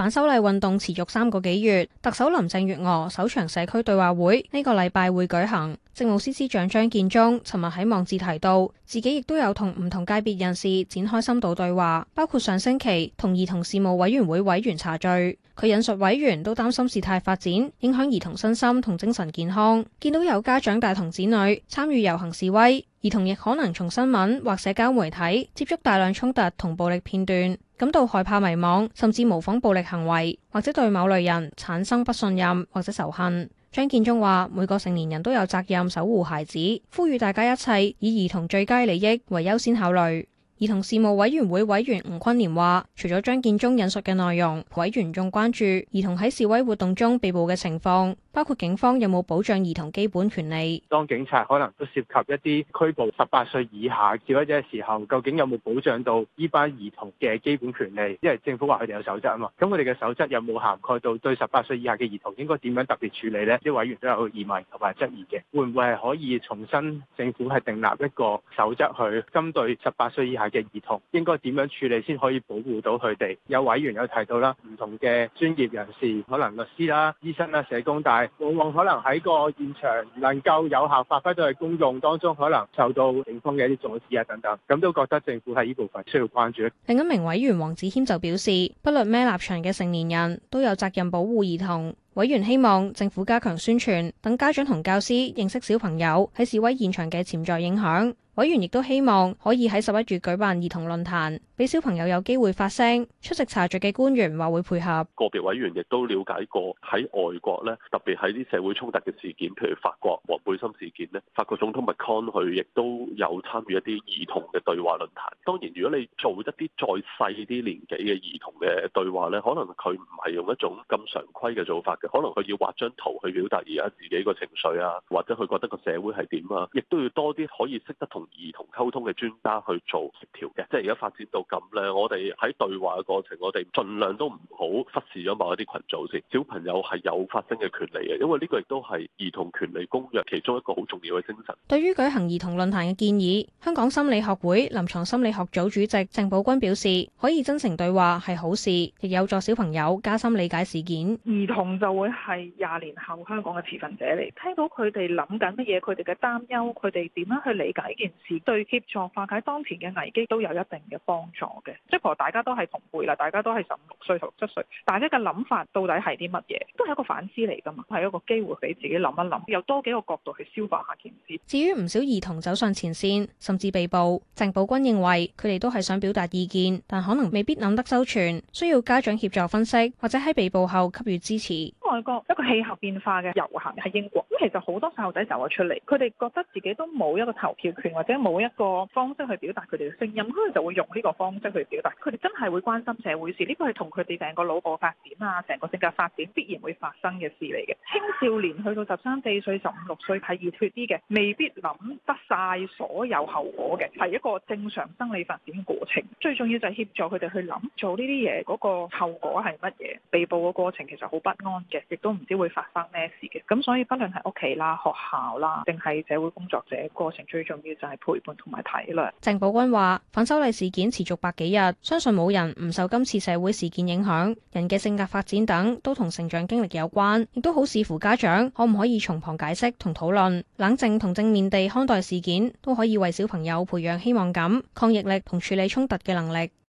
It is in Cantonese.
反修例運動持續三個幾月，特首林鄭月娥首場社區對話會呢個禮拜會舉行。政務司司長張建宗尋日喺網誌提到，自己亦都有同唔同界別人士展開深度對話，包括上星期同兒童事務委員會委員茶聚。佢引述委員都擔心事態發展影響兒童身心同精神健康，見到有家長帶同子女參與遊行示威，兒童亦可能從新聞或社交媒體接觸大量衝突同暴力片段。感到害怕、迷茫，甚至模仿暴力行為，或者對某類人產生不信任或者仇恨。張建宗話每個成年人都有責任守護孩子，呼籲大家一切以兒童最佳利益為優先考慮。兒童事務委員會委員吳坤蓮話，除咗張建宗引述嘅內容，委員仲關注兒童喺示威活動中被捕嘅情況，包括警方有冇保障兒童基本權利。當警察可能都涉及一啲拘捕十八歲以下示威者嘅時候，究竟有冇保障到呢班兒童嘅基本權利？因為政府話佢哋有守則啊嘛，咁佢哋嘅守則有冇涵蓋到對十八歲以下嘅兒童應該點樣特別處理呢？啲委員都有個疑問同埋質疑嘅，會唔會係可以重新政府係訂立一個守則去針對十八歲以下？嘅兒童應該點樣處理先可以保護到佢哋？有委員有提到啦，唔同嘅專業人士，可能律師啦、醫生啦、社工，但往往可能喺個現場能夠有效發揮到嘅公眾當中，可能受到警方嘅一啲阻止啊等等，咁都覺得政府喺呢部分需要關注。另一名委員黃子謙就表示，不論咩立場嘅成年人，都有責任保護兒童。委員希望政府加強宣傳，等家長同教師認識小朋友喺示威現場嘅潛在影響。 委員亦都希望可以喺十一月舉辦兒童論壇，俾小朋友有機會發聲，出席茶聚嘅官員話會配合。個別委員亦都了解過喺外國咧，特別喺啲社會衝突嘅事件，譬如法國黃背心事件咧，法國總統麥康佢亦都有參與一啲兒童嘅對話論壇，當然，如果你做一啲再細啲年紀嘅兒童嘅對話咧，可能佢唔係用一種咁常規嘅做法嘅，可能佢要畫張圖去表達而家自己個情緒啊，或者佢覺得個社會係點啊，亦都要多啲可以識得同兒童溝通嘅專家去做協調嘅，即係而家發展到咁咧，我哋喺對話嘅過程，我哋盡量都唔好忽視咗某一啲群組先，小朋友係有發聲嘅權利嘅，因為呢個亦都係兒童權利公約其中一個好重要嘅精神。對於舉行兒童論壇嘅建議，香港心理學會臨床心理學組主席鄭寶君表示，可以真情對話係好事，亦有助小朋友加深理解事件。兒童就會係廿年後香港嘅持份者嚟，聽到佢哋諗緊乜嘢，佢哋嘅擔憂，佢哋點樣去理解呢件，是對協助化解當前嘅危機都有一定嘅幫助嘅。即係，可能大家都係同輩啦，大家都係十五六歲十六七歲，大家嘅諗法到底係啲乜嘢，都係一個反思嚟噶嘛，係一個機會俾自己諗一諗，有多幾個角度去消化下件事。至於唔少兒童走上前線，甚至被捕，鄭寶君認為佢哋都係想表達意見，但可能未必諗得周全，需要家長協助分析，或者喺被捕後給予支持。外國一個氣候變化嘅遊行喺英國，咁其實好多細路仔走咗出嚟，佢哋覺得自己都冇一個投票權，或者冇一個方式去表達佢哋嘅聲音，咁佢就會用呢個方式去表達。佢哋真係會關心社會事，呢、這個係同佢哋成個腦部發展啊，成個性格發展必然會發生嘅事嚟嘅。青少年去到十三四歲、十五六歲係熱血啲嘅，未必諗得晒所有後果嘅，係一個正常生理發展過程。最重要就係協助佢哋去諗做呢啲嘢嗰個後果係乜嘢。被捕嘅過程其實好不安嘅。亦都唔知會發生咩事嘅，咁所以不論係屋企啦、學校啦，定係社會工作者，過程最重要就係陪伴同埋體諒。鄭寶君話：反修例事件持續百幾日，相信冇人唔受今次社會事件影響。人嘅性格發展等都同成長經歷有關，亦都好視乎家長可唔可以從旁解釋同討論，冷靜同正面地看待事件，都可以為小朋友培養希望感、抗逆力同處理衝突嘅能力。